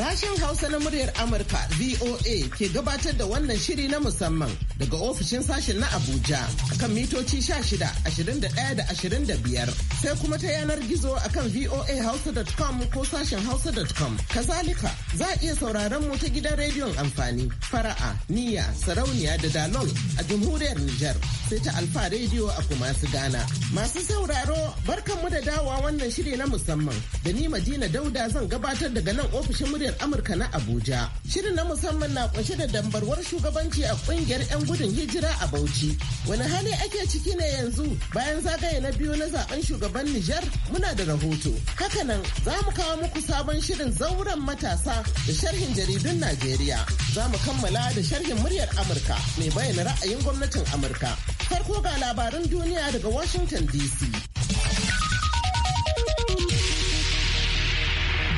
Sashen Hausa na muryar Amurka VOA ke gabatar da wannan shiri na musamman daga ofishin sashen na Abuja kan mitoci 16, 21 da 25 sai kuma ta yanar gizo akan voahausa.com ko sashen hausa.com. Kazalika za a iya sauraron mu ta gidan rediyon amfani fara'a, niyya, sarauniya da dalon a jamhuriyar Nijar sai ta alfa rediyo a kuma su Ghana. Masu sauraro barkanmu da dawa wannan shiri na musamman da ni Madina Dauda zan gabatar daga nan ofishin muryar muryar Amurka na Abuja. Shirin na musamman na kunshe da dambarwar shugabanci a kungiyar 'yan gudun hijira a Bauchi. Wani hali ake ciki ne yanzu bayan zagaye na biyu na zaben shugaban Nijar muna da rahoto. Hakanan za mu kawo muku sabon shirin zauren matasa da sharhin jaridun Najeriya. Za mu kammala da sharhin muryar Amurka mai bayyana ra'ayin gwamnatin Amurka. Farko ga labarin duniya daga Washington DC.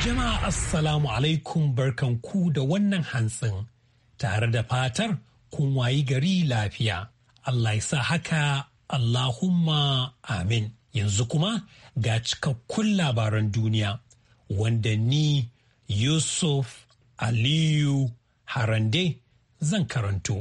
Jama'a Assalamu alaikum barkan ku da wannan hantsin tare da fatar kun wayi gari lafiya. Allah ya sa haka Allahumma amin. Yanzu kuma ga cikakkun labaran duniya wanda ni Yusuf Aliyu Harande zan karanto.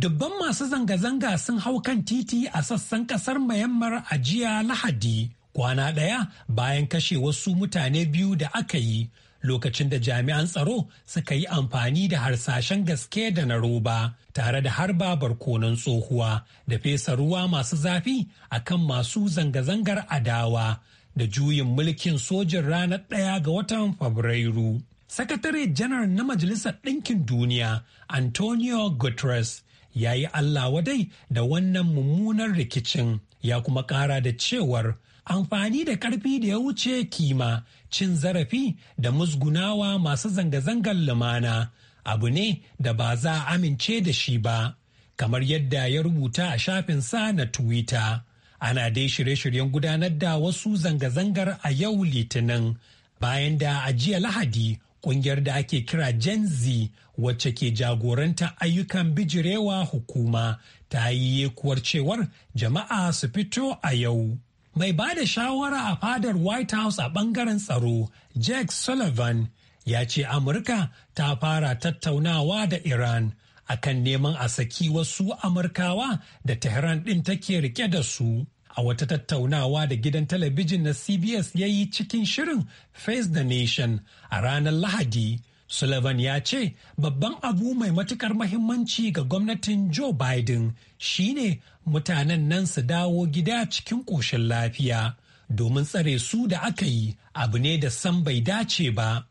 Dubban masu zanga-zanga sun hau kan titi a sassan kasar Mayammar a jiya Lahadi kwana ɗaya bayan kashe wasu mutane biyu da aka yi lokacin da jami'an tsaro suka yi amfani da harsashen gaske da na roba tare da harba barkonon tsohuwa da fesa ruwa masu zafi a kan masu zanga-zangar adawa da juyin mulkin sojin ranar ɗaya ga watan fabrairu sakatare janar na majalisar ɗinkin duniya antonio guterres ya yi allah wadai da wannan mummunar rikicin ya kuma ƙara da cewar amfani da ƙarfi da ya wuce kima cin zarafi da musgunawa masu zanga-zangar lumana abu ne da ba za a amince da shi ba kamar yadda ya rubuta a shafinsa na twitter ana dai shirye-shiryen gudanar da wasu zanga-zangar a yau litinin bayan da a jiya lahadi kungiyar da ake kira gen z wacce ke jagoranta ayyukan bijirewa hukuma ta yi yekuwar cewar jama'a su fito a yau mai ba da shawara a fadar white house a bangaren tsaro Jack sullivan ya ce amurka ta fara tattaunawa da iran akan neman a saki wasu amurkawa da tehran ɗin take rike da su a wata tattaunawa da gidan talabijin na cbs ya yi cikin shirin face the nation a ranar lahadi Sullivan ya ce babban abu mai matukar mahimmanci ga gwamnatin Joe Biden shine mutanen nan su dawo gida cikin koshin lafiya domin tsare su da aka yi abu ne da san bai dace ba.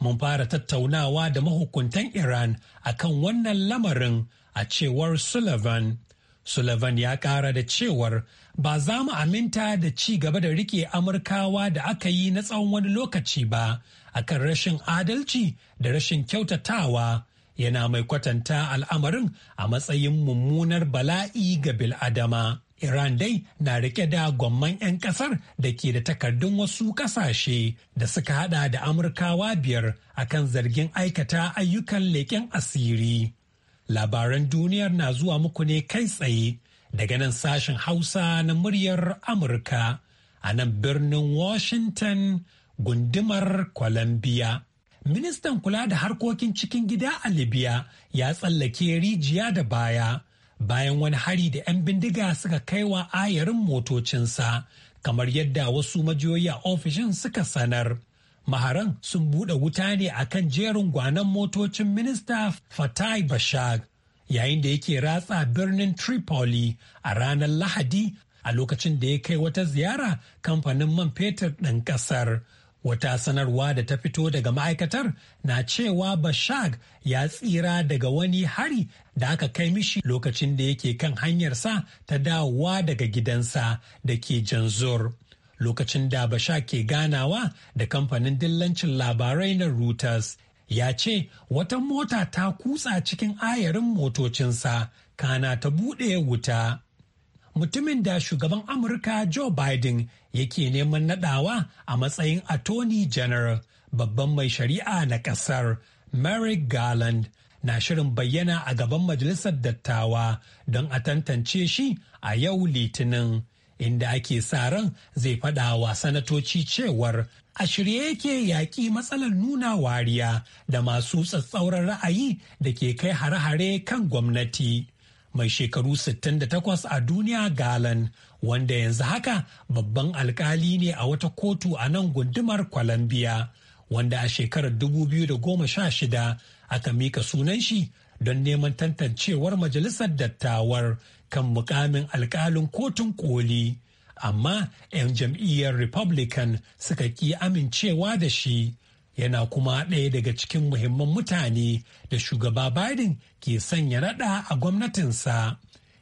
Mun fara tattaunawa da mahukuntan Iran akan wannan lamarin a cewar Sullivan. Sullivan ya ƙara da cewar ba za mu aminta da ci gaba da rike amurkawa da aka yi na tsawon wani lokaci ba akan rashin adalci da rashin kyautatawa yana mai kwatanta al'amarin a matsayin mummunar bala'i ga bil'adama. Iran dai na rike da gwamman 'yan kasar da ke da takardun wasu kasashe da suka hada da Amurkawa biyar a kan zargin aikata ayyukan leƙen asiri. Labaran duniyar na zuwa muku ne kai tsaye daga nan sashen Hausa na muryar Amurka a nan birnin Washington gundumar Columbia. Ministan kula da harkokin cikin gida a Libya ya tsallake rijiya da baya bayan wani hari da 'yan bindiga suka kai wa ayarin motocinsa kamar yadda wasu majiyoyi a ofishin suka sanar. Maharan sun buɗe wuta ne akan jerin gwanon motocin minista Fatai Bashag. yayin da yake ratsa birnin Tripoli a ranar Lahadi a lokacin da ya kai wata ziyara kamfanin man fetur ɗin ƙasar. Wata sanarwa da ta fito daga ma'aikatar na cewa Bashag ya tsira daga wani hari da aka kai mishi lokacin da yake kan hanyarsa ta dawowa daga gidansa da ke Janzur. Lokacin da Bashag ke ganawa da kamfanin dillancin labarai na Reuters ya ce wata mota ta kutsa cikin ayarin motocinsa kana ta buɗe wuta. Mutumin da shugaban Amurka Joe Biden yake neman nadawa a matsayin Attorney General babban mai shari'a na ƙasar Merrick Garland na shirin bayyana a gaban Majalisar Dattawa don a tantance shi a yau Litinin. Inda ake sa ran zai faɗa wa sanatoci cewar a shirye yake yaƙi matsalar nuna wariya da masu tsatsauran ra'ayi da ke kai hare-hare kan gwamnati. Mai shekaru 68 a duniya galan wanda yanzu haka babban alkali ne a wata kotu a nan gundumar kwalambiya, wanda a shekarar 2016 aka mika sunan shi don neman tantancewar majalisar dattawar kan mukamin alkalin kotun koli. amma 'yan jam'iyyar Republican suka ƙi amincewa da shi. Yana kuma ɗaya daga cikin muhimman mutane da shugaba Biden ke sanya naɗa a gwamnatinsa.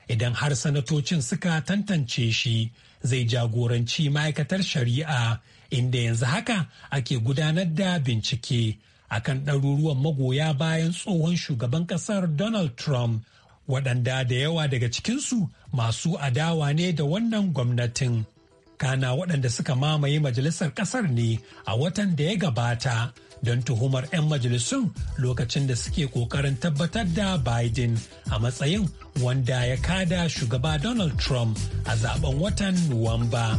Idan har sanatocin suka tantance shi, zai jagoranci ma'aikatar shari'a inda yanzu haka ake gudanar da bincike akan ɗaruruwan magoya bayan tsohon shugaban ƙasar Donald Trump waɗanda da yawa daga cikinsu masu adawa ne da wannan gwamnatin. Kana waɗanda suka mamaye majalisar ƙasar ne a watan da ya gabata don tuhumar 'yan majalisun lokacin da suke ƙoƙarin tabbatar da Biden a matsayin wanda ya kada shugaba Donald Trump a zaben watan Nuwamba.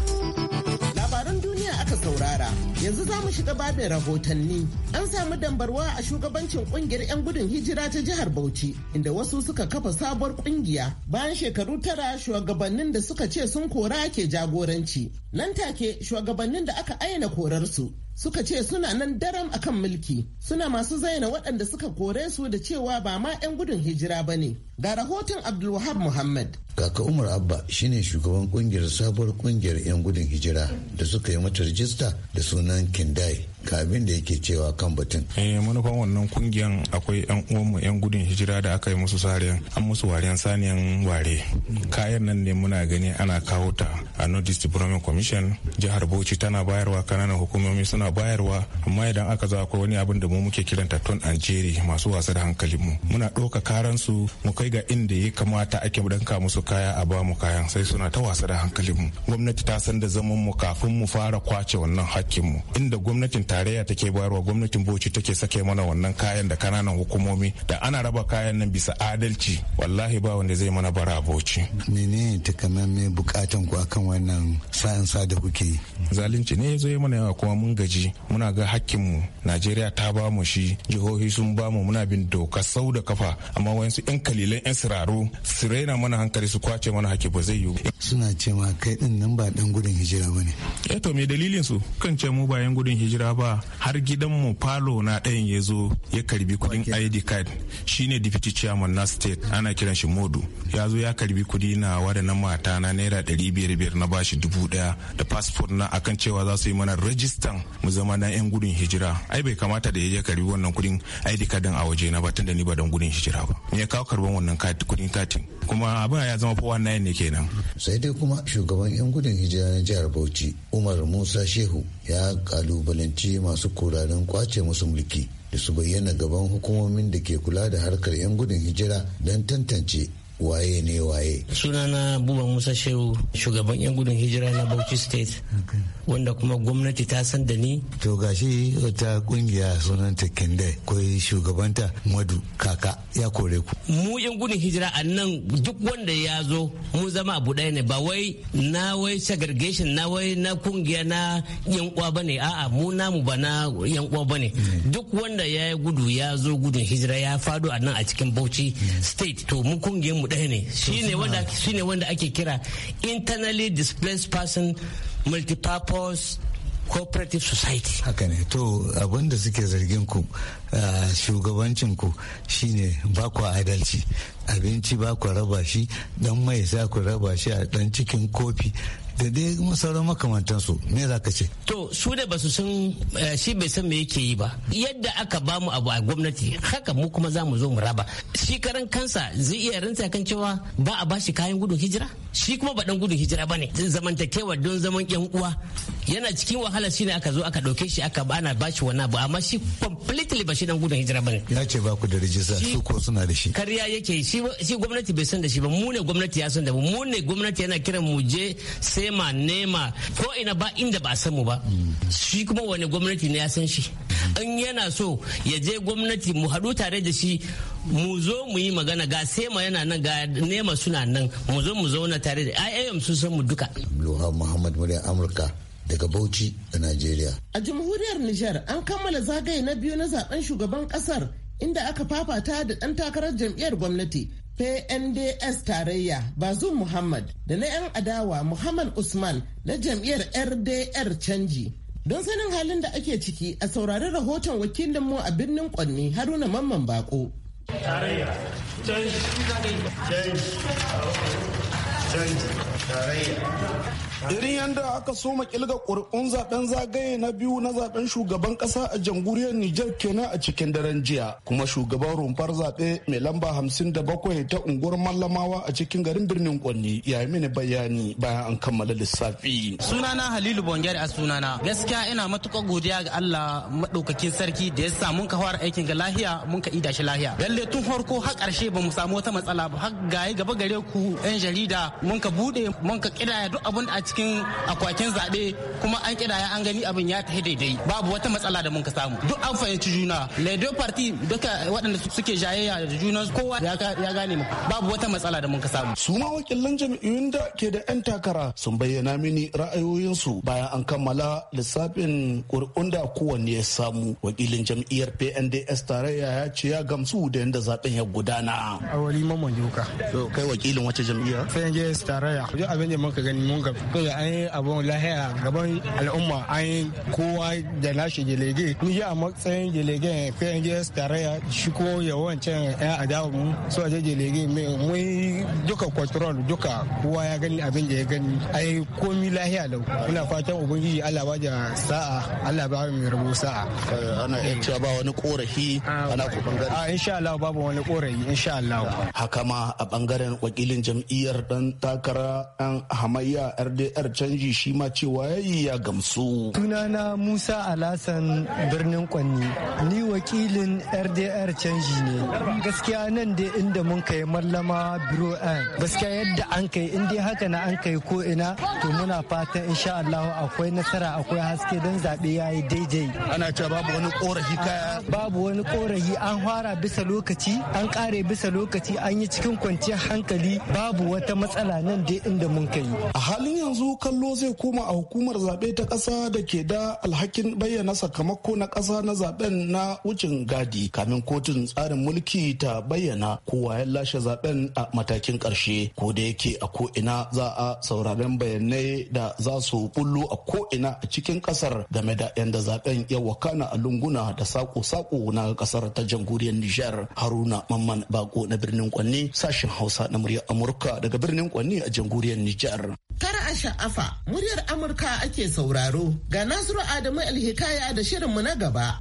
Labaran da aka saurara. Yanzu za mu shiga babin rahotanni. An samu dambarwa a shugabancin kungiyar 'yan gudun hijira ta jihar Bauchi, inda wasu suka kafa sabuwar kungiya bayan shekaru tara shugabannin da suka ce sun kora ke jagoranci. Nan take shugabannin da aka aina korarsu suka ce suna nan daram akan mulki suna masu zaina waɗanda suka kore su da cewa ba ma 'yan gudun hijira ba ne ga rahoton abdulwahab muhammad kaka umar abba shine shugaban kungiyar sabuwar kungiyar 'yan gudun hijira da suka yi mata rijista da sunan kindai kabin da yake cewa kan batun. Eh manufan wannan kungiyan akwai yan uwanmu yan gudun hijira da aka yi musu sariyan an musu wariyan saniyan ware. Kayan nan ne muna gani ana kawo ta a East Development Commission jihar Bauchi tana bayarwa kananan hukumomi suna bayarwa amma idan aka zo akwai wani abin da mu muke kiranta ton an jeri masu wasa da hankalin mu. Muna ɗauka karan su mu kai ga inda ya kamata ake danka musu kaya a ba mu kayan sai suna ta wasa da hankalin mu. Gwamnati ta san da zaman mu kafin mu fara kwace wannan hakkin mu inda gwamnatin ta tarayya take bayarwa gwamnatin bauchi take sake mana wannan kayan da kananan hukumomi da ana raba kayan nan bisa adalci wallahi ba wanda zai mana bara bauchi menene me bukatan ku akan wannan sa'in sa da kuke zalunci ne zo mana yawa kuma mun gaji muna ga mu. najeriya ta ba mu shi jihohi sun ba mu muna bin doka sau da kafa amma wayansu yan kalilan yan siraru su raina mana hankali su kwace mana hakki ba zai yiwu suna cewa kai din nan ba dan gudun hijira bane eh to me dalilin su kan ce mu ba yan gudun hijira ba ba har mu falo na ɗayan ya zo ya karbi kudin id card shine deputy chairman na state ana kiran shi modu ya zo ya karbi kudi na na mata na naira ɗari biyar biyar na bashi dubu ɗaya da passport na akan cewa za su yi mana rajistan mu zama na yan gudun hijira ai bai kamata da ya je karbi wannan kudin id card a waje na ba tunda ni ba dan gudun hijira ba me ya kawo karban wannan kudin katin kuma abin ya zama fa wannan ne kenan sai dai kuma shugaban yan gudun hijira na jihar Bauchi Umar Musa Shehu ya kalubalanci gargaɗe masu koraren kwace musu mulki da su bayyana gaban hukumomin da ke kula da harkar 'yan gudun hijira don tantance waye ne waye sunana buba musa shehu shugaban yan gudun hijira na bauchi state wanda kuma gwamnati ta san da ni to gashi ta kungiya sunanta kende akwai shugabanta madu kaka ya kore ku mu yan gudun hijira a nan duk wanda ya zo mu zama abu ɗaya ne ba wai na wai segregation na wai na kungiya na yan uwa bane a'a mu namu ba na yan uwa bane mm. duk wanda ya yi gudu ya zo gudun hijira ya fado a nan a cikin Bauchi mm. state to mu kungiyar mu ɗaya ne shine wanda shine wanda ake kira internally displaced person multipurpose cooperative society haka ne to abinda suke zargin ku shugabancin ku shine ba ku adalci abinci ba ku raba shi dan mai za ku raba shi a ɗan cikin kofi da dai sauran makamantansu me za ka ce to su da basu san eh, shi bai san me yake yi ba yadda aka ba mu abu a gwamnati haka mu kuma za mu zo mu raba shi karan kansa zai iya rantsa kan cewa ba a bashi kayan gudun hijira shi kuma ba dan gudun hijira bane zamantakewa don zaman yan uwa yana cikin wahala shine aka zo aka dauke shi aka bana bashi wani abu amma shi completely ba shi dan gudun hijira bane ya ce ba ku da rijista su ko suna da shi kariya yake shi shi gwamnati bai san da shi ba mu ne gwamnati ya san da mu mu ne gwamnati yana kira mu je sema nema ko ina ba inda ba san mu ba shi kuma wani gwamnati ne ya san shi in yana so ya je gwamnati mu haɗu tare da shi mu zo mu yi magana ga sema yana nan ga nema suna nan mu zo mu zauna tare da ayyam sun san mu duka. Abdulwahab Muhammad Murya Amurka daga Bauchi a Najeriya. A jamhuriyar Nijar an kammala zagaye na biyu na zaben shugaban kasar inda aka fafata da ɗan takarar jam'iyyar gwamnati PNDS tarayya Bazum Muhammad da na 'yan adawa Muhammad Usman na jam'iyyar RDR canji. Don sanin halin da ake ciki a saurari rahoton wakilin mu a birnin Kwanni Haruna Mamman Bako. irin yadda aka soma kilga ƙuri'un zaben zagaye na biyu na zaben shugaban kasa a jamhuriyar Nijar kenan a cikin daren jiya kuma shugaban rumfar zaɓe mai lamba hamsin da bakwai ta unguwar mallamawa a cikin garin birnin Kwanni ya yi mini bayani bayan an kammala lissafi. Sunana Halilu Bongari a sunana gaskiya ina matuƙar godiya ga Allah maɗaukakin sarki da ya sa mun ka fara aikin ga lahiya mun ka idashi lahiya. Lalle tun farko har ƙarshe ba mu samu wata matsala ba har gaba gare ku 'yan jarida mun ka buɗe mun ka ƙidaya duk abin da a cikin akwatin zaɓe kuma an kidaya an gani abin ya tafi daidai babu wata matsala da mun ka samu duk an fahimci juna deux party duka waɗanda suke jayayya da juna kowa ya gane mu babu wata matsala da mun ka samu su ma wakilan jam'iyyun da ke da 'yan takara sun bayyana mini ra'ayoyinsu bayan an kammala lissafin ƙuri'un da kowanne ya samu wakilin jam'iyyar pnds tarayya ya ce ya gamsu da yadda zaben ya gudana a wali mamman yuka kai wakilin wace jam'iyya pnds tarayya abin da muka gani mun gamsu so an yi abun lahiya gaban al'umma an yi kowa da nashi jelege ni a matsayin gs tare ya shi ko yawancin a adawa mu so a mai mun duka control duka kowa ya gani abin da ya gani yi komi lahiya da muna fatan ubangiji allah ba da sa'a allah ba mu rabo sa'a eh, ana iya cewa ba wani korafi ana ku bangare a insha allah babu wani korafi insha allah haka ma a bangaren wakilin jam'iyyar dan takara yan hamayya rd kuri'ar canji shi ma cewa yayi ya gamsu sunana musa alasan birnin kwanni ni wakilin rdr canji ne gaskiya nan dai inda mun kai mallama biro an gaskiya yadda an kai in dai haka na an kai ko ina to muna fatan insha Allah akwai nasara akwai haske don zaɓe ya yi daidai ana cewa babu wani korafi kaya babu wani korafi an fara bisa lokaci an kare bisa lokaci an yi cikin kwanciyar hankali babu wata matsala nan dai inda mun kai a halin yanzu kallo zai koma a hukumar zaɓe ta ƙasa da ke da alhakin bayyana sakamako na ƙasa na zaɓen na wucin gadi kamin kotun tsarin mulki ta bayyana kowa ya lashe zaɓen a matakin ƙarshe ko da yake a ko'ina za a sauraren bayanai da za su bullo a ko'ina a cikin ƙasar game da yadda zaɓen ya wakana a lunguna da sako-sako na ƙasar ta jamhuriyar Nijar Haruna Mamman Bako na birnin Kwanni sashen Hausa na murya Amurka daga birnin Kwanni a jamhuriyar Nijar. afa muryar Amurka ake sauraro ga Nasiru Adamu Alhikaya da shirinmu na gaba.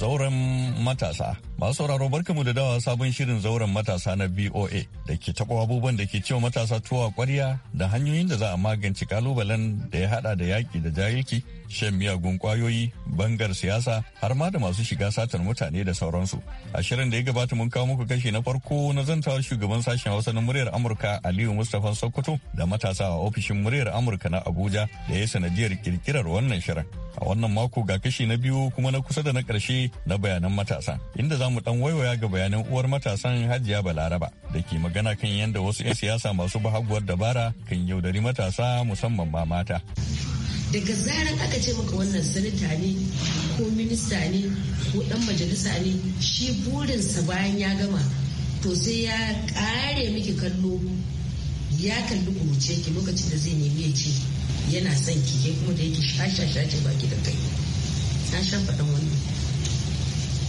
Zauren matasa. Masu sauraro barkamu da dawa sabon shirin zauren matasa na BOA da ke taɓa abubuwan da ke cewa matasa tuwa kwarya da hanyoyin da za a magance kalubalen da ya haɗa da yaƙi da jahilci, shan miyagun ƙwayoyi bangar siyasa har ma da masu shiga satar mutane da sauransu. A shirin da ya gabata mun kawo muku kashi na farko na zantawar shugaban sashen Hausa na muryar Amurka Aliyu Mustapha Sokoto da matasa a ofishin muryar Amurka na Abuja da ya sanadiyar kirkirar wannan shirin. A wannan mako ga kashi na biyu kuma na kusa da na ƙarshe na bayanan matasa inda za mu dan waiwaya ga bayanan uwar matasan Hajiya Balaraba da ke magana kan yadda wasu 'yan siyasa masu bahaguwar dabara kan yaudari matasa musamman ma mata. Daga zarar aka ce maka wannan sanita ne ko minista ne ko dan majalisa ne shi burinsa bayan ya gama to sai ya kare miki kallo ya kalli kuruce ki lokacin da zai nemi ya ce yana son ki ke kuma da yake shasha shashe baki da kai. Na sha faɗin wannan.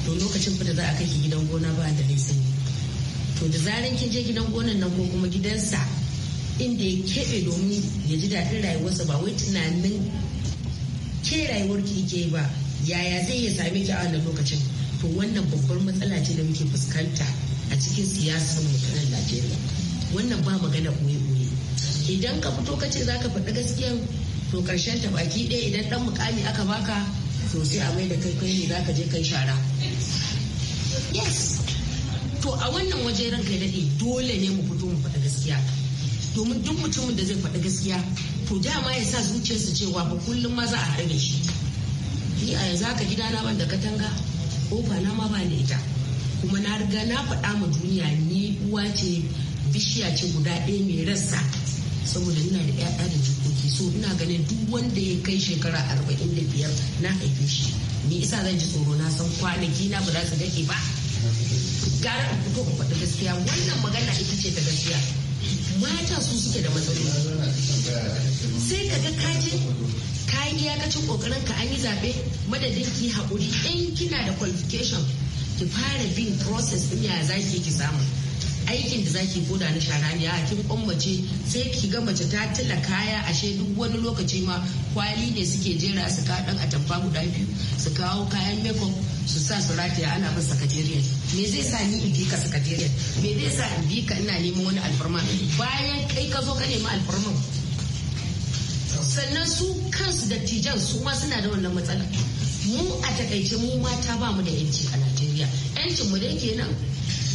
to lokacin fita za a kai ki gidan gona ba da nisan to da zaran kin je gidan gonan nan ko kuma gidansa inda ya keɓe domin ya ji daɗin rayuwarsa ba wai tunanin ke rayuwar ki ke ba yaya zai ya same ki a wannan lokacin to wannan babbar matsala ce da muke fuskanta a cikin siyasar mu ta Najeriya wannan ba magana boye boye idan ka fito ka ce za ka faɗi gaskiya to karshen ta baki ɗaya idan ɗan mukami aka baka to sai a mai da kai kai ne za ka je kai shara yes to a wannan waje ranka ya daɗe dole ne mu fito mu faɗi gaskiya domin duk mutumin da zai faɗi gaskiya to dama ya sa zuciyarsa cewa ba kullum ma za a harbe shi ni a yanzu haka gida na ban da katanga kofa na ma ba da ita kuma na riga na faɗa ma duniya ni uwa ce bishiya ce guda ɗaya mai rassa saboda ina da 'ya'ya da juna so ina ganin duk wanda ya kai shekara arba'in da biyar na haife shi me isa zan ji tsoro na san kwanaki na ba za su dake ba gara in fito ku faɗi gaskiya wannan magana ita ce ta gaskiya mata su suke da matsaloli sai ka ga kaji kayan iyakacin kokarin ka an yi zaɓe madadin ki haƙuri in kina da qualification ki fara bin process ɗin ya zaki ki samu aikin da zaki koda na shara ne a kin kwammace sai ki ga mace ta tila kaya ashe duk wani lokaci ma kwali ne suke jera su ka dan tamfa guda biyu su kawo kayan makeup su sa su rataya ana bin sakatariya me zai sa ni in bika sakatariya me zai sa in bika ina neman wani alfarma bayan kai ka zo ka nemi alfarma sannan su kansu dattijan su ma suna da wannan matsala mu a takaice mu mata ba mu da yanci a Najeriya yancin mu da yake nan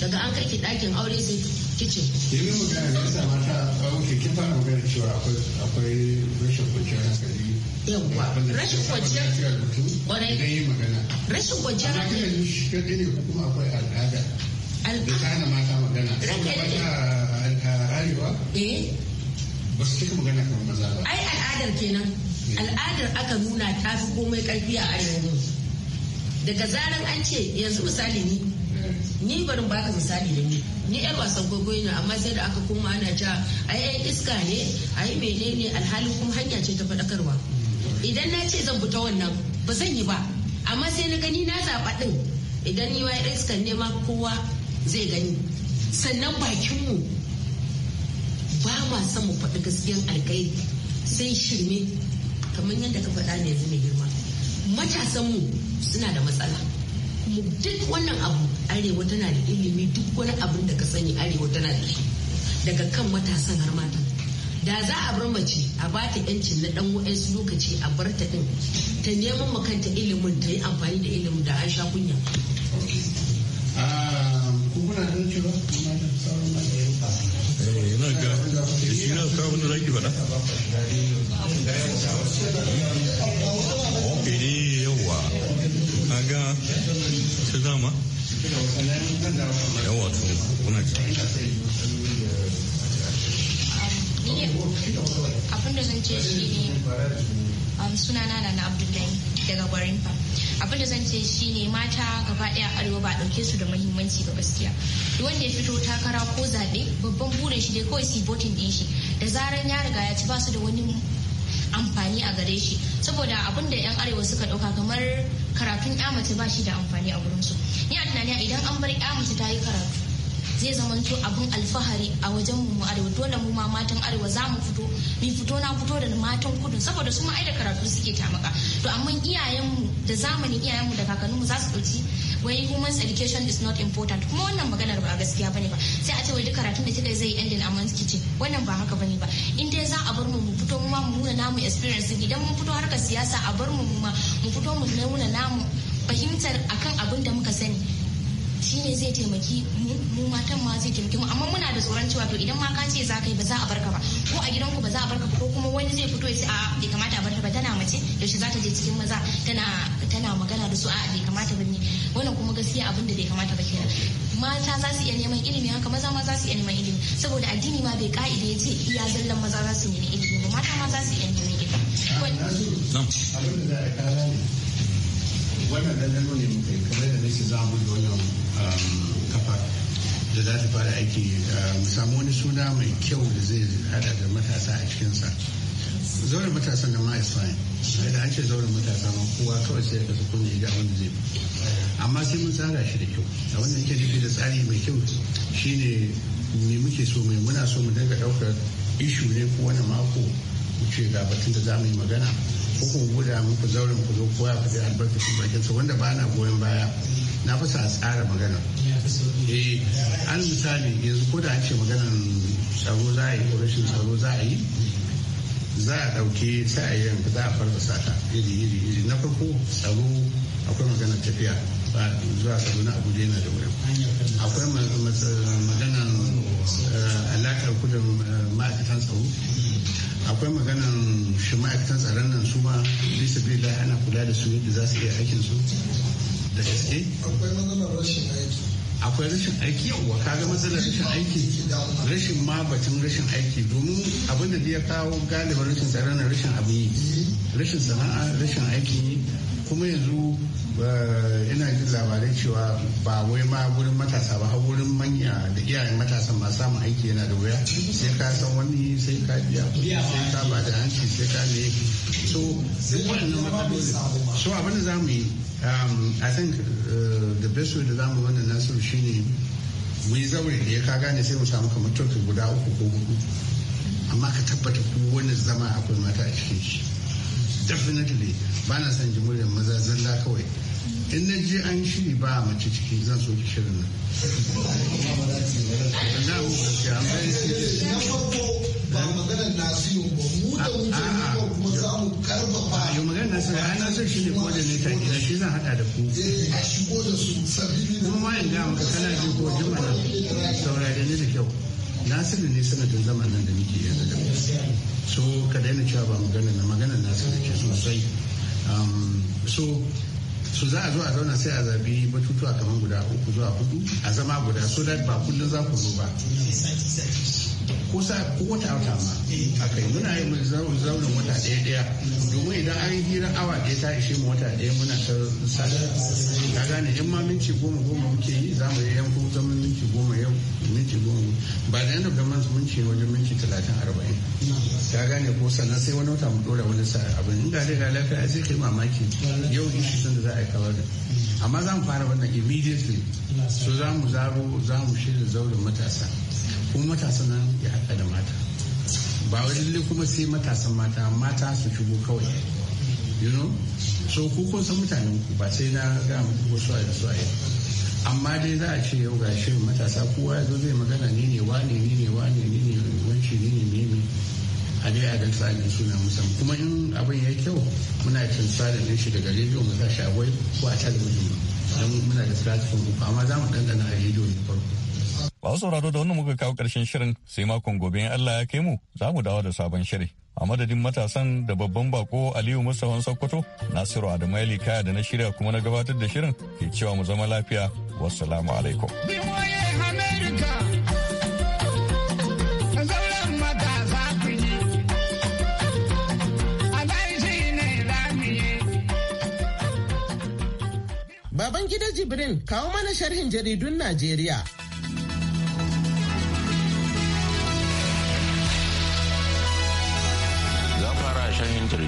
daga an kai ki ɗakin aure sai kicin. Yi magana da yasa mata wuce kin fara magana cewa akwai rashin kwanciyar hankali. Yawwa rashin kwanciyar hankali. Idan yi magana. Rashin kwanciyar hankali. Amma kina shi kaɗai ne ko kuma akwai al'ada. Al'ada. Da kana mata magana. Saboda mata arewa. Eh. Ba su cika magana kamar maza ba. Ai al'adar kenan. Eh. Al'adar aka nuna ta fi komai ƙarfi a arewa. Daga zaran an ce yanzu misali ni ni barin baka misali da ni ni yan wasan gwagwai ne amma sai da aka koma ana ja ai iska ne ai menene alhali kuma hanya ce ta faɗakarwa idan na ce zan fita wannan ba zan yi ba amma sai na gani na zaɓa ɗin idan ni wa iska ne ma kowa zai gani sannan bakinmu ba ma son mu faɗi gaskiyan alkairi sai shirme kamar yadda ka faɗa ne yanzu mai girma matasanmu suna da matsala mu duk wannan abu arewa tana da ilimi duk wani abin da ka sani arewa tana da shi daga kan matasan har mata da za a bar mace a ba ta yancin na dan wa'ansu lokaci a bar ta din ta neman makanta ilimin ta yi amfani da ilimin da an sha kunya ah, eh, Okay. kaga ta zama yawa to kuna um, abin da zan ce shi ne um, sunana na na abdullahi daga gwarinfa abin da zan ce shi ne mata gaba daya arewa ba dauke su da mahimmanci ba gaskiya wanda ya fito takara ko zaɓe babban burin shi dai kawai si botin din shi da zaran ya riga ya ci ba su da wani amfani a gare shi saboda abin da yan arewa suka dauka kamar karatun ya mace ba shi da amfani a gurin su ni a tunani idan an bar ya mace ta yi karatu zai zamanto abun alfahari a wajen mu arewa dole mu ma matan arewa za mu fito mu fito na fito da matan kudu saboda su ma ai da karatu suke tamaka to amma iyayen mu da zamanin mu da kakanninmu za su dauki wai women's education is not important kuma wannan maganar ba a gaskiya bane ba sai a ce wai duk karatun da kika zai ending a man's kitchen wannan ba haka bane ba in dai za a bar mu mu fito mu ma mu nuna namu experience idan mun fito harkar siyasa a bar mu mu fito mu nuna namu fahimtar akan abin da muka sani Shi ne zai taimaki mu matan ma zai taimaki mu amma muna da tsoron cewa to idan ma ka ce za ka yi ba za a barka ba ko a gidanku ba za a barka ba ko kuma wani zai fito ya ce a bai kamata a barka ba tana mace yaushe za ta je cikin maza tana tana magana da su a bai kamata ba ne wannan kuma gaskiya abin da bai kamata ba kenan mata za su iya neman ilimi haka maza ma za su iya neman ilimi saboda addini ma bai ka'ida ya ce iya zallan maza za su neman ilimi ba mata ma za su iya neman ilimi. Abin da za wannan dandano ne muka yi kamar da za mu da wannan um, kafa da za ta fara aiki uh, mu samu wani suna mai kyau da zai hada da matasa a cikinsa zauren matasan da ma is fine da an ce zauren matasa ma kowa kawai sai ka sako ne ga wanda zai amma sai mun tsara shi da kyau a wanda yake da tsari mai kyau shine me muke so mai muna so mu dinga daukar ishu ne ko wani mako mu ce ga batun da za mu yi magana ko ku mun ku zaure ku zo koya ku da albarkacin bakin sa wanda ba na goyon baya na fasa a tsara magana eh an misali yanzu ko da an ce maganan tsaro za a yi ko rashin tsaro za a yi za a ɗauki yi za a farfa sata iri iri iri na farko tsaro akwai magana tafiya ba zuwa tsaro na abuja yana da wurin akwai maganan eh, alaƙar kudin eh, ma'aikatan tsaro akwai maganan shi ma'aikatan tsaron nan su ma bisa bi ana kula da su yadda za su iya aikin su da gaske akwai matsalar rashin aiki akwai rashin aiki kaga matsalar rashin aiki rashin ma batun rashin aiki domin abinda da ya kawo galibin rashin tsaron nan rashin abin yi eh. rashin sana'a rashin aiki kuma yanzu Eh, ina jin labarai cewa ba wai ma wurin matasa ba har wurin manya da iyayen matasan ma samun aiki yana da wuya sai ka san wani sai ka biya sai ka ba da hanci sai ka ne so wannan matsaloli so abin da za mu yi um, i think eh, the best way da za mu wannan nasu shine mu yi zaure da ya ka gane sai mu samu kamar turki guda uku ko hudu amma ka tabbata ko wani zama akwai mata a cikin shi definitely ba na son jimuriyar maza zalla kawai in na je an shiri ba a mace ciki zan ki shirin nan na za shi ne ko da gida shi zan hada da ku eh, a su kuma ma ka kana ji ko jima na da kyau nasiru ne sanadin zaman nan da muke yanzu so ka daina cewa ba maganar na maganar nasiru sosai um, so su za a zo a zauna sai a zabi batutuwa kamar guda uku zuwa hudu a zama guda so da ba kullum za ku zo ba ko sa ko wata wata ma eh, a kai muna yi mun zaunin wata ɗaya ɗaya domin idan an yi hira awa ɗaya ta ishe mu wata ɗaya muna ta sada ka gane in ma minti goma goma muke yi za mu yi yan ko zaman minti goma yau minti goma ba da yanda gaman mun ce wajen minti talatin arba'in ka gane ko sannan sai wani wata mu ɗora wani sa abin in ga dai ga lafiya sai kai mamaki yau shi sun da za a yi kawar da amma za mu fara wannan immediately so za mu zaro za mu shirya zaurin matasa kuma matasan nan ya haɗa da mata ba wani kuma sai matasan mata mata su shigo kawai you know so ku kun san mutanen ku ba sai na ga muku wasu a su ayi amma dai za a ce yau ga shirin matasa kowa ya zo zai magana ne ne wa ne ne wa ne ne wanci ne ne ne a dai a gan tsarin suna musam kuma in abin ya kyau muna cin tsarin shi daga rediyo mu sa shi a wai ko a talabijin don muna da platform ku amma za mu ɗanɗana a rediyo ne farko Ba sauraro da wannan muka kawo ƙarshen shirin sai makon gobe in Allah ya kai mu za mu dawo da sabon shiri. A madadin matasan da babban bako Aliyu mustapha Sokoto, Nasiru Adamu kaya da na shirya kuma na gabatar da shirin ke cewa mu zama lafiya. Wassalamu alaikum. Baban gida Jibrin kawo mana sharhin jaridun Najeriya.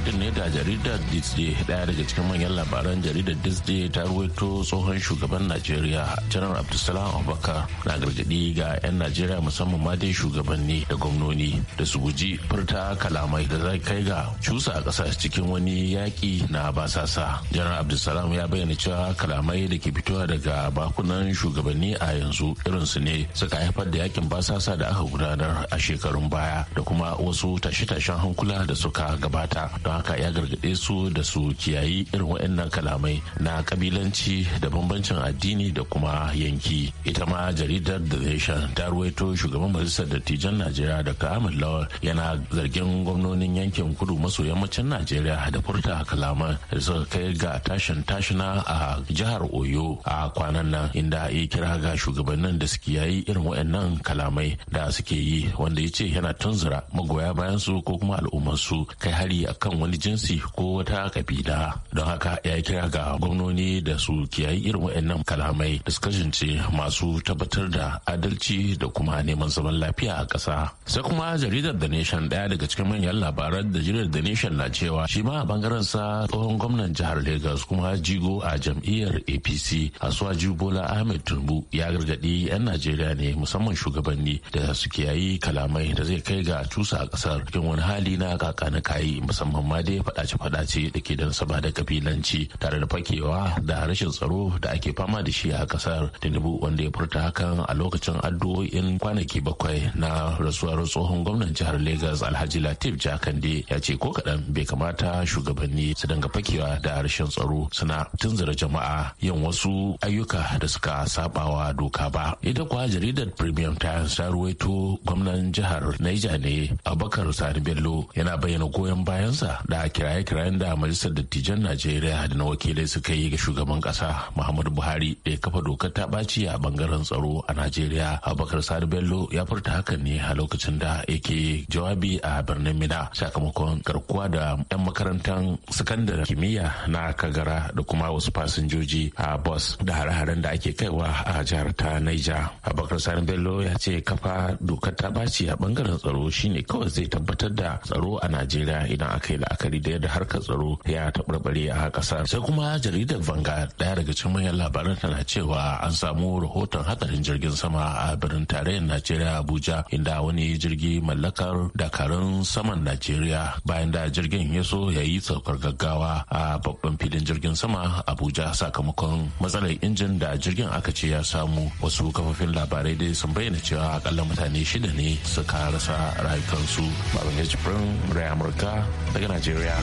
jaridar ne da jaridar disney daya daga cikin manyan labaran jaridar disney ta ruwaito tsohon shugaban najeriya janar abdulsalam abubakar na gargadi ga 'yan najeriya musamman ma dai shugabanni da gwamnoni da su guji furta kalamai da zai kai ga cusa a ƙasa cikin wani yaƙi na basasa janar abdulsalam ya bayyana cewa kalamai da ke fitowa daga bakunan shugabanni a yanzu irinsu ne suka haifar da yakin basasa da aka gudanar a shekarun baya da kuma wasu tashe-tashen hankula da suka gabata don haka ya gargaɗe su da su kiyayi irin waɗannan kalamai na kabilanci da bambancin addini da kuma yanki ita ma jaridar the nation ta ruwaito shugaban majalisar dattijan najeriya da ahmed lawal yana zargin gwamnonin yankin kudu maso yammacin najeriya da furta kalaman da suka kai ga tashin tashina a jihar oyo a kwanan nan inda ya kira ga shugabannin da su kiyayi irin waɗannan kalamai da suke yi wanda ya ce yana tunzura magoya bayan su ko kuma al'ummar su kai hari akan wani jinsi ko wata kabila don haka ya kira ga gwamnoni da su kiyayi irin waɗannan kalamai da su kasance masu tabbatar da adalci da kuma neman zaman lafiya a ƙasa sai kuma jaridar the nation ɗaya daga cikin manyan labaran da jaridar the nation na cewa shi ma a bangaren sa tsohon gwamnan jihar Legas kuma jigo a jam'iyyar apc asuwaji bola ahmed Tunbu ya gargaɗi 'yan najeriya ne musamman shugabanni da su kiyayi kalamai da zai kai ga cusa a ƙasar cikin wani hali na na kayi musamman amma dai fadace- faɗace da ke don saba da kabilanci tare da fakewa da rashin tsaro da ake fama da shi a kasar tinubu wanda ya furta hakan a lokacin addu'o'in kwanaki bakwai na rasuwar tsohon gwamnan jihar Legas alhaji latif jakande ya ce ko kaɗan bai kamata shugabanni su dinga fakewa da rashin tsaro suna tunzura jama'a yin wasu ayyuka da suka sabawa doka ba ita kuwa jaridar premium times ta ruwaito gwamnan jihar naija ne abubakar sani bello yana bayyana goyon bayansa da kiraye-kirayen da majalisar dattijan najeriya da na wakilai suka yi ga shugaban kasa muhammadu buhari da ya kafa dokar ta ɓaci a bangaren tsaro a najeriya abubakar sadu bello ya furta hakan ne a lokacin da yake jawabi a birnin mina sakamakon garkuwa da 'yan makarantar sakandare kimiyya na kagara da kuma wasu fasinjoji a bus da hare-haren da ake kaiwa a jihar ta naija abubakar sadu bello ya ce kafa dokar ta ɓaci a bangaren tsaro shine kawai zai tabbatar da tsaro a najeriya idan aka yi la'akari da yadda harkar tsaro ya taɓarɓare a ƙasar sai kuma jaridar vanga ɗaya daga cikin manyan labaran tana cewa an samu rahoton hatsarin jirgin sama a birnin tarayyar najeriya abuja inda wani jirgi mallakar dakarun saman najeriya bayan da jirgin ya so ya yi saukar gaggawa a babban filin jirgin sama abuja sakamakon matsalar injin da jirgin aka ce ya samu wasu kafafin labarai dai sun bayyana cewa akalla mutane shida ne suka rasa rayukansu babban ya jibrin rai amurka daga Najeriya.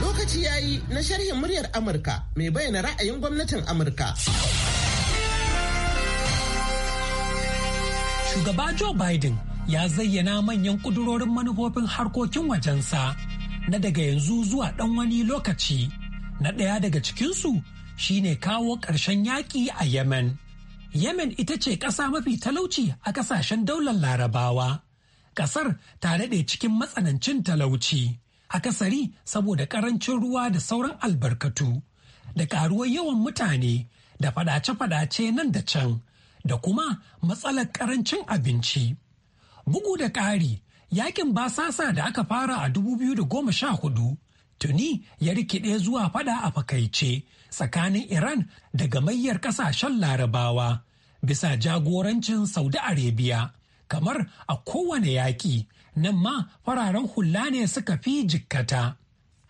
Lokaci ya yi na sharhin muryar Amurka mai bayyana ra'ayin gwamnatin Amurka. Shugaba Joe Biden ya zayyana manyan kudurorin manufofin harkokin wajensa na daga yanzu zuwa ɗan wani lokaci. Na ɗaya daga cikinsu shine kawo ƙarshen yaƙi a Yemen. Yemen ita ce ƙasa mafi talauci a ƙasashen daular larabawa. kasar ta daɗe cikin matsanancin talauci akasari saboda ƙarancin ruwa da sauran albarkatu da ƙaruwar yawan mutane da fadace-fadace nan da can da kuma matsalar ƙarancin abinci bugu da ƙari yakin basasa da aka fara a 2014 tuni ya rikide zuwa fada a fakaice tsakanin iran da gamayyar ƙasashen larabawa bisa jagorancin saudi arabia kamar a kowane yaƙi nan ma fararen hula ne suka fi jikkata.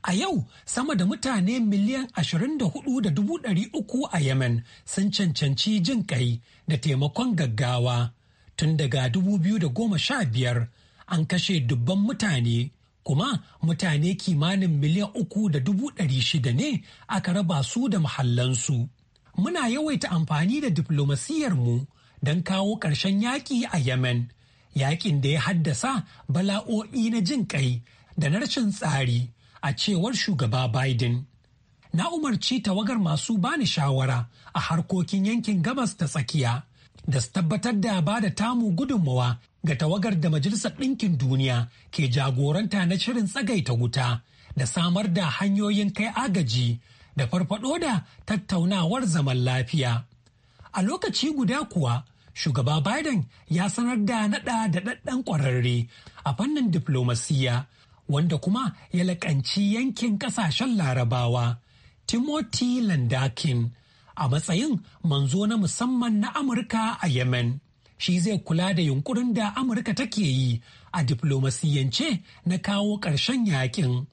A yau sama da mutane miliyan 24,300 a Yemen sun cancanci jin kai da taimakon gaggawa. Tun daga 2015 an kashe dubban mutane, kuma mutane kimanin miliyan uku da dubu shida ne aka raba su da mahallansu. Muna yawaita amfani da diflomasiyarmu mu don kawo ƙarshen yaƙi a Yemen. Yaƙin da ya haddasa bala'o'i na jin ƙai da na rashin tsari a cewar shugaba Biden. Na umarci tawagar masu bani shawara a harkokin yankin gabas ta tsakiya da su tabbatar da ba da tamu gudunmawa ga tawagar da Majalisar Ɗinkin Duniya ke jagoranta na shirin tsagaita wuta da samar da hanyoyin kai agaji da farfado da tattaunawar zaman lafiya. A lokaci guda kuwa shugaba Biden ya sanar da naɗa da ɗaɗɗan ƙwararre a fannin diflomasiyya wanda kuma ya laƙanci yankin ƙasashen larabawa Timothy Landakin a matsayin manzo na musamman na Amurka a Yemen. Shi zai kula da yunkurin da Amurka take yi a diflomasiyance na kawo ƙarshen yakin.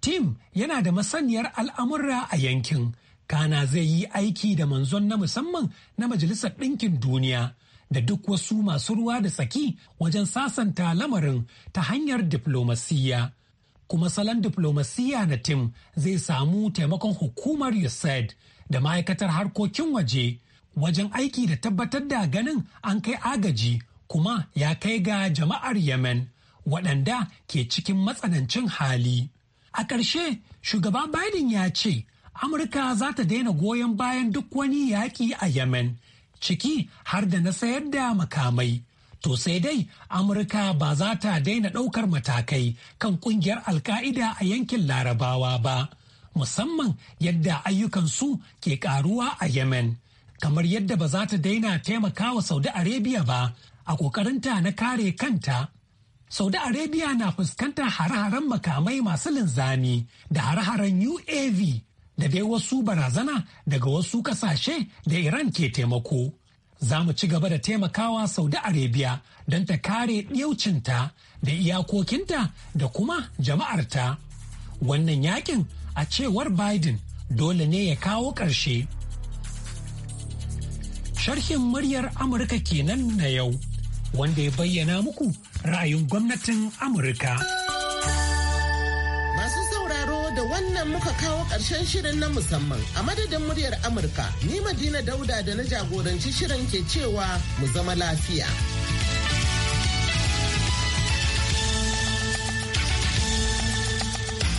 Tim yana da masaniyar al'amurra a yankin. Kana zai yi aiki da manzon na musamman na Majalisar Ɗinkin Duniya da duk wasu masu ruwa da tsaki wajen sasanta lamarin ta hanyar diflomasiyya. Kuma salon diflomasiyya na Tim zai samu taimakon hukumar USAID da ma'aikatar harkokin waje wajen aiki da tabbatar da ganin an kai agaji kuma ya kai ga jama'ar Yemen waɗanda ke cikin matsanancin hali. A ƙarshe, shugaba Biden ya ce, Amurka za ta daina goyon bayan duk wani yaƙi a Yemen ciki har da na sayar da makamai. To sai dai Amurka ba za ta daina ɗaukar matakai kan ƙungiyar Alka'ida a yankin Larabawa ba, musamman yadda ayyukansu ke ƙaruwa a Yemen. Kamar yadda ba za ta daina taimakawa Saudi Arabia ba a ƙoƙarinta na kare kanta. Saudi Arabia na fuskantar hare-haren makamai masu linzami da hare-haren UAV da dai wasu barazana daga wasu kasashe da Iran ke taimako. Za mu ci gaba da taimakawa Saudi Arabia don ta kare ɗiyaucinta da iyakokinta da kuma jama'arta. Wannan yakin a cewar Biden dole ne ya kawo ƙarshe. Sharhin muryar Amurka kenan na yau, wanda ya bayyana muku ra'ayin gwamnatin Amurka. nan muka kawo ƙarshen shirin na musamman a madadin muryar Amurka. Ni Madina Dauda da na jagoranci shirin ke cewa mu zama lafiya.